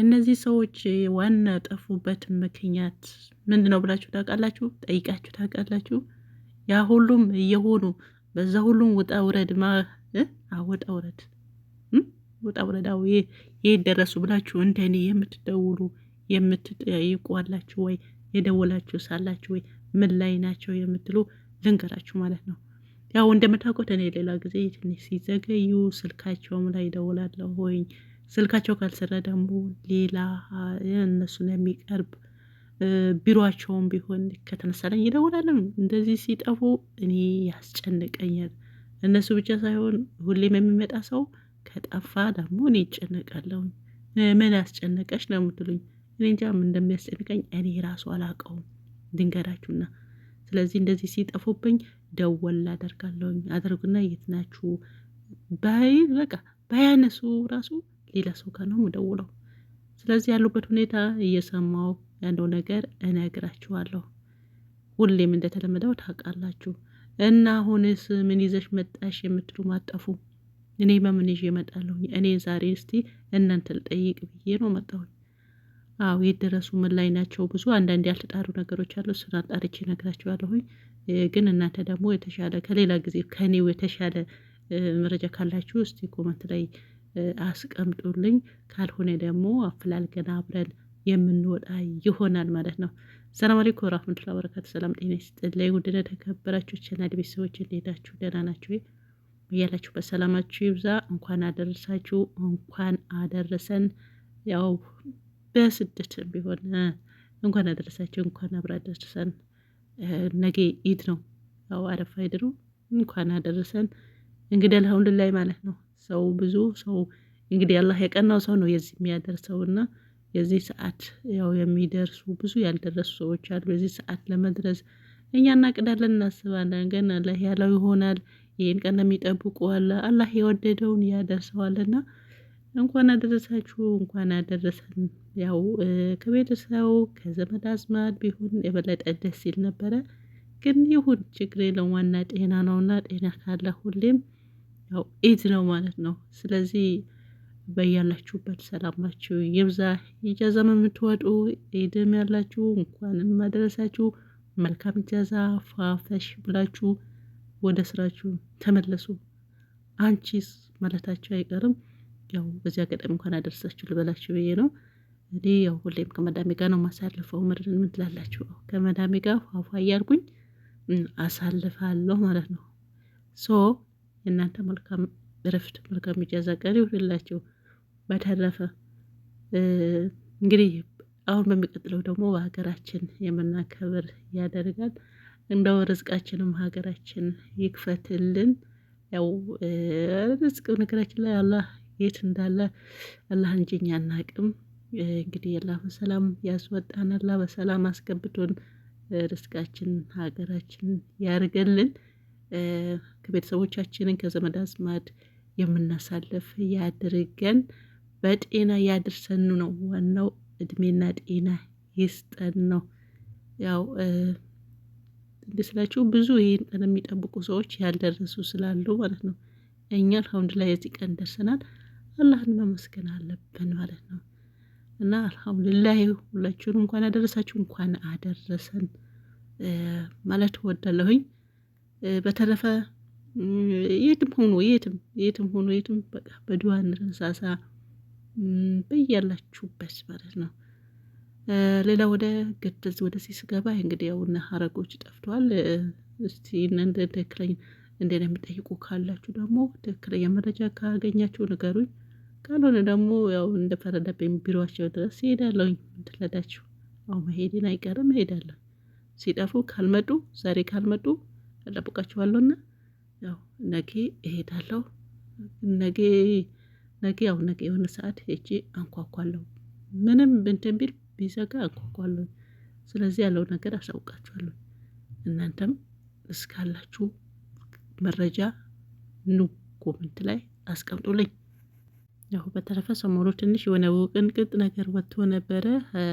እነዚህ ሰዎች ዋና ጠፉበት ምክንያት ምንድን ነው ብላችሁ ታውቃላችሁ? ጠይቃችሁ ታውቃላችሁ? ያ ሁሉም እየሆኑ በዛ ሁሉም ውጣ ውረድ ማ አወጣ ውረድ ውጣ ውረድ ይሄ ደረሱ ብላችሁ እንደኔ የምትደውሉ የምትጠይቁ አላችሁ ወይ? የደወላችሁ ሳላችሁ ወይ? ምን ላይ ናቸው የምትሉ ልንገራችሁ ማለት ነው። ያው እንደምታውቁት እኔ ሌላ ጊዜ ትንሽ ሲዘገዩ ስልካቸውም ላይ ደውላለሁ ወይ ስልካቸው ካልሰራ ደግሞ ሌላ እነሱን የሚቀርብ ቢሮቸውን ቢሆን ከተነሳለኝ ይደውላለን። እንደዚህ ሲጠፉ እኔ ያስጨንቀኛል። እነሱ ብቻ ሳይሆን ሁሌም የሚመጣ ሰው ከጠፋ ደግሞ እኔ ይጨነቃለሁ። ምን ያስጨነቀች ነው የምትሉኝ? እኔ እንጃ ምን እንደሚያስጨንቀኝ እኔ ራሱ አላውቀውም። ድንገራችሁና ስለዚህ እንደዚህ ሲጠፉብኝ ደወል አደርጋለሁኝ። አደርጉና የት ናችሁ በይ በቃ ባያነሱ ራሱ ሌላ ሰው ጋር ነው የምደውለው። ስለዚህ ያሉበት ሁኔታ እየሰማው ያለው ነገር እነግራችኋለሁ። ሁሌም እንደተለመደው ታውቃላችሁ። እና አሁንስ ምን ይዘሽ መጣሽ የምትሉ ማጠፉ እኔ በምን ይዤ እመጣለሁ? እኔ ዛሬ እስቲ እናንተ ልጠይቅ ብዬ ነው መጣሁኝ። አዎ የደረሱ ምን ላይ ናቸው? ብዙ አንዳንድ ያልተጣሩ ነገሮች አሉ። እሱን አጣርቼ እነግራችኋለሁኝ። ግን እናንተ ደግሞ የተሻለ ከሌላ ጊዜ ከኔው የተሻለ መረጃ ካላችሁ እስቲ ኮመንት ላይ አስቀምጡልኝ። ካልሆነ ደግሞ አፈላልገን አብረን የምንወጣ ይሆናል ማለት ነው። ሰላም አለይኩም ወራህመቱላ ወበረካቱ። ሰላም ጤና ይስጥልኝ። ውድ ተከበራችሁ ቻናል ቤተሰቦች እንዴናችሁ? ደህና ናችሁ ወይ? እያላችሁበት ሰላማችሁ ይብዛ። እንኳን አደረሳችሁ፣ እንኳን አደረሰን። ያው በስደት ቢሆን እንኳን አደረሳችሁ፣ እንኳን አብረ አደረሰን። ነገ ኢድ ነው፣ ያው አረፋ ኢድ ነው። እንኳን አደረሰን እንግዲህ አልሐምዱሊላህ ማለት ነው። ሰው ብዙ ሰው እንግዲህ አላህ የቀናው ሰው ነው የዚህ የሚያደርሰው እና የዚህ ሰዓት ያው የሚደርሱ ብዙ ያልደረሱ ሰዎች አሉ። የዚህ ሰዓት ለመድረስ እኛ እናቅዳለን፣ እናስባለን። ግን አላህ ያለው ይሆናል። ይህን ቀን የሚጠብቁ አለ አላህ የወደደውን ያደርሰዋልና እንኳን አደረሳችሁ እንኳን አደረሰን። ያው ከቤተሰው ከዘመድ አዝማድ ቢሆን የበለጠ ደስ ይል ነበረ። ግን ይሁን ችግር የለውም። ዋና ጤና ነውና ጤና ካለ ሁሌም ያው ኢድ ነው ማለት ነው። ስለዚህ በያላችሁበት ሰላማችሁ ይብዛ። ኢጃዛም የምትወጡ ኢድም ያላችሁ እንኳንም አደረሳችሁ። መልካም ኢጃዛ ፋፈሽ ብላችሁ ወደ ስራችሁ ተመለሱ። አንቺስ ማለታችሁ አይቀርም። ያው በዚህ አጋጣሚ እንኳን አደረሳችሁ ልበላችሁ ብዬ ነው። እኔ ያው ሁሌም ከመዳሜ ጋር ነው ማሳልፈው። ምድርን ምን ትላላችሁ? ከመዳሜ ጋር ፏፏ እያልኩኝ አሳልፋለሁ ማለት ነው ሶ እናንተ መልካም እረፍት፣ መልካም ኢጃዛ ቀሪ ይሁንላችሁ። በተረፈ እንግዲህ አሁን በሚቀጥለው ደግሞ በሀገራችን የምናከብር ያደርጋል። እንደው ርዝቃችንም ሀገራችን ይክፈትልን። ያው ርዝቅ ነገራችን ላይ አላህ የት እንዳለ አላህ እንጂ እኛ አናቅም። እንግዲህ አላህ በሰላም ያስወጣን፣ አላህ በሰላም አስገብቶን ርዝቃችን ሀገራችን ያርገልን። ከቤተሰቦቻችንን ከዘመድ አዝማድ የምናሳልፍ ያድርገን፣ በጤና ያድርሰን ነው ዋናው። እድሜና ጤና ይስጠን ነው ያው ስላችሁ ብዙ ይህን ቀን የሚጠብቁ ሰዎች ያልደረሱ ስላሉ ማለት ነው። እኛ አልሐምዱሊላህ የዚህ ቀን ደርሰናል። አላህን መመስገን አለብን ማለት ነው እና አልሐምዱላ ሁላችሁን እንኳን ያደረሳችሁ እንኳን አደረሰን ማለት ወዳለሁኝ። በተረፈ የትም ሆኖ የትም የትም ሆኖ የትም በቃ በድዋን እንረሳሳ በያላችሁበት ማለት ነው። ሌላ ወደ ገደዝ ወደ ሲ ስገባ እንግዲህ ያው እነ ሀረጎች ጠፍተዋል። እስቲ እናንተ ትክክለኛ እንደነ የምጠይቁ ካላችሁ ደግሞ ትክክለኛ መረጃ ካገኛችሁ ንገሩኝ። ካልሆነ ደግሞ ያው እንደፈረደብኝ ቢሮቸው ድረስ ይሄዳለሁኝ። ምትለዳችሁ አሁ መሄድን አይቀርም ይሄዳለሁ። ሲጠፉ ካልመጡ ዛሬ ካልመጡ እጠብቃችኋለሁና ያው ነገ እሄዳለሁ። ነገ ነገ ያው ነገ የሆነ ሰዓት ሄጄ አንኳኳለሁ። ምንም እንትን ቢል ቢዘጋ አንኳኳለሁ። ስለዚህ ያለው ነገር አሳውቃችኋለሁ። እናንተም እስካላችሁ መረጃ ኑ ኮመንት ላይ አስቀምጡልኝ። ያው በተረፈ ሰሞኑ ትንሽ የሆነ ውቅንቅጥ ነገር ወጥቶ ነበረ።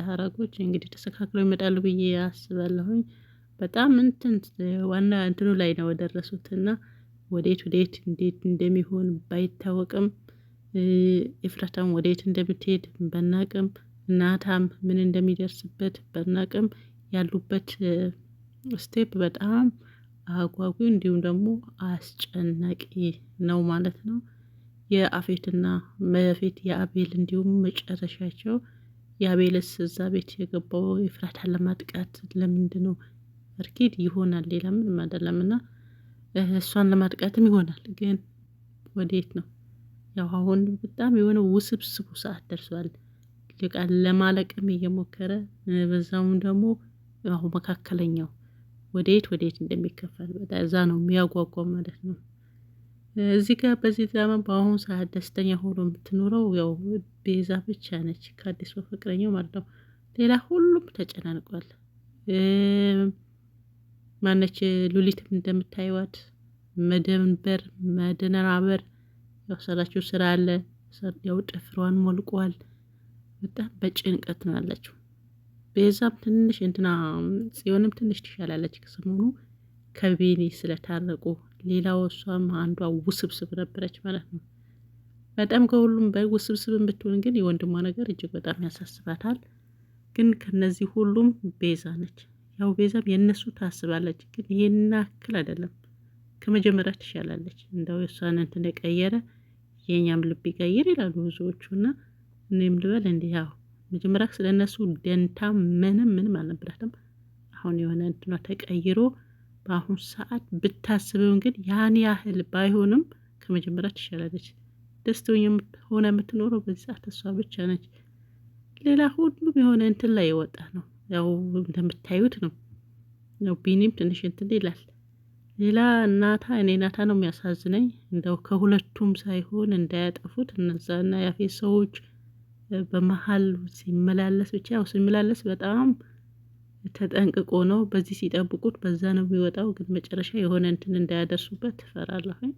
ሀረጎች እንግዲህ ተስተካክለው ይመጣሉ ብዬ አስባለሁኝ። በጣም እንትን ዋና እንትኑ ላይ ነው የደረሱትና። እና ወዴት ወዴት እንዴት እንደሚሆን ባይታወቅም እፍረታም ወዴት እንደምትሄድ በናቅም ናታም ምን እንደሚደርስበት በናቅም ያሉበት ስቴፕ በጣም አጓጊ እንዲሁም ደግሞ አስጨናቂ ነው ማለት ነው። የአፌትና መፌት የአቤል እንዲሁም መጨረሻቸው የአቤልስ እዛ ቤት የገባው ኤፍራታን ለማጥቃት ለምንድን ነው? እርኪድ ይሆናል ሌላ ምንም አይደለም እና እሷን ለማጥቃትም ይሆናል። ግን ወዴት ነው? ያው አሁን በጣም የሆነ ውስብስቡ ሰዓት ደርሷል። ቃል ለማለቅም እየሞከረ በዛውም ደግሞ አሁን መካከለኛው ወዴት ወዴት እንደሚከፈል እዛ ነው የሚያጓጓው ማለት ነው። እዚህ ጋር በዚህ ዘመን በአሁኑ ሰዓት ደስተኛ ሆኖ የምትኖረው ያው ቤዛ ብቻ ነች፣ ከአዲስ በፍቅረኛው ማለት ነው። ሌላ ሁሉም ተጨናንቋል። ማነች ሉሊትም እንደምታይዋት መደንበር መደነራበር የወሰዳችው ስራ አለ። ያው ጥፍሯን ሞልቋል። በጣም በጭንቀት ነው ያለችው። ቤዛም ትንሽ እንትና ጽዮንም ትንሽ ትሻላለች ከሰሞኑ ከቤኒ ስለታረቁ። ሌላው እሷም አንዷ ውስብስብ ነበረች ማለት ነው። በጣም ከሁሉም ውስብስብ ብትሆን ግን የወንድሟ ነገር እጅግ በጣም ያሳስባታል። ግን ከነዚህ ሁሉም ቤዛ ነች። ያው ቤዛም የእነሱ ታስባለች፣ ግን ይሄን ያክል አይደለም። ከመጀመሪያ ትሻላለች። እንደው የእሷን እንትን የቀየረ የኛም ልብ ይቀይር ይላሉ ብዙዎቹ። እና እኔም ልበል እንዲህ ያው መጀመሪያ ስለ እነሱ ደንታ ምንም ምንም አልነበራትም። አሁን የሆነ እንትኗ ተቀይሮ በአሁን ሰዓት ብታስበውን ግን ያን ያህል ባይሆንም ከመጀመሪያ ትሻላለች። ደስተኛ ሆነ የምትኖረው በዚህ ሰዓት እሷ ብቻ ነች። ሌላ ሁሉም የሆነ እንትን ላይ የወጣ ነው። ያው እንደምታዩት ነው። ያው ቢኒም ትንሽ እንትን ይላል። ሌላ እናታ እኔ ናታ ነው የሚያሳዝነኝ። እንደው ከሁለቱም ሳይሆን እንዳያጠፉት እነዛና ያፌ ሰዎች በመሀል ሲመላለስ ብቻ ያው ሲመላለስ በጣም ተጠንቅቆ ነው በዚህ ሲጠብቁት በዛ ነው የሚወጣው። ግን መጨረሻ የሆነ እንትን እንዳያደርሱበት ትፈራለሁኝ።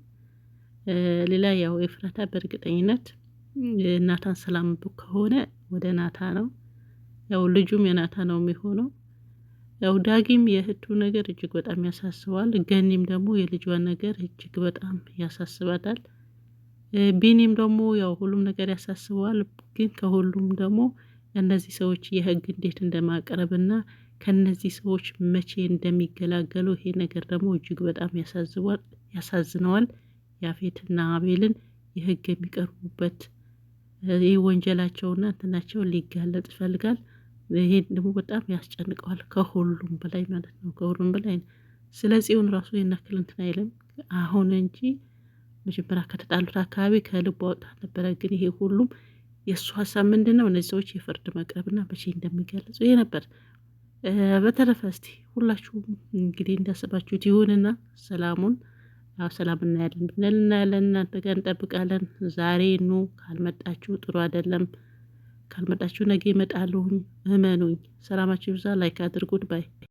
ሌላ ያው ኤፍራታ በእርግጠኝነት እናታን ሰላም ከሆነ ወደ ናታ ነው ያው ልጁም የናታ ነው የሚሆነው። ያው ዳጊም የእህቱ ነገር እጅግ በጣም ያሳስባል። ገኒም ደግሞ የልጇን ነገር እጅግ በጣም ያሳስባታል። ቢኒም ደግሞ ያው ሁሉም ነገር ያሳስበዋል። ግን ከሁሉም ደግሞ እነዚህ ሰዎች የህግ እንዴት እና ከነዚህ ሰዎች መቼ እንደሚገላገሉ ይሄ ነገር ደግሞ እጅግ በጣም ያሳዝነዋል። ያፌትና አቤልን የህግ የሚቀርቡበት ይህ ወንጀላቸውና እንትናቸው ሊጋለጥ ይፈልጋል። ይሄን ደግሞ በጣም ያስጨንቀዋል ከሁሉም በላይ ማለት ነው። ከሁሉም በላይ ስለ ጽዮን ራሱ የናክል እንትን አይልም አሁን እንጂ መጀመሪያ ከተጣሉት አካባቢ ከልቡ ወጣ ነበረ። ግን ይሄ ሁሉም የእሱ ሀሳብ ምንድን ነው? እነዚህ ሰዎች የፍርድ መቅረብና መቼ እንደሚገለጹ ይሄ ነበር። በተረፈ እስቲ ሁላችሁም እንግዲህ እንዳሰባችሁት ይሁንና ሰላሙን ያው ሰላም እናያለን ብንል እናያለን። እናንተ ጋር እንጠብቃለን። ዛሬ ኑ ካልመጣችሁ ጥሩ አይደለም። ካልመጣችሁ ነገ ይመጣለሁኝ። እመኑኝ። ሰላማችሁ ይብዛ። ላይክ አድርጉት ባይ